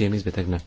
příjemný zbytek dne.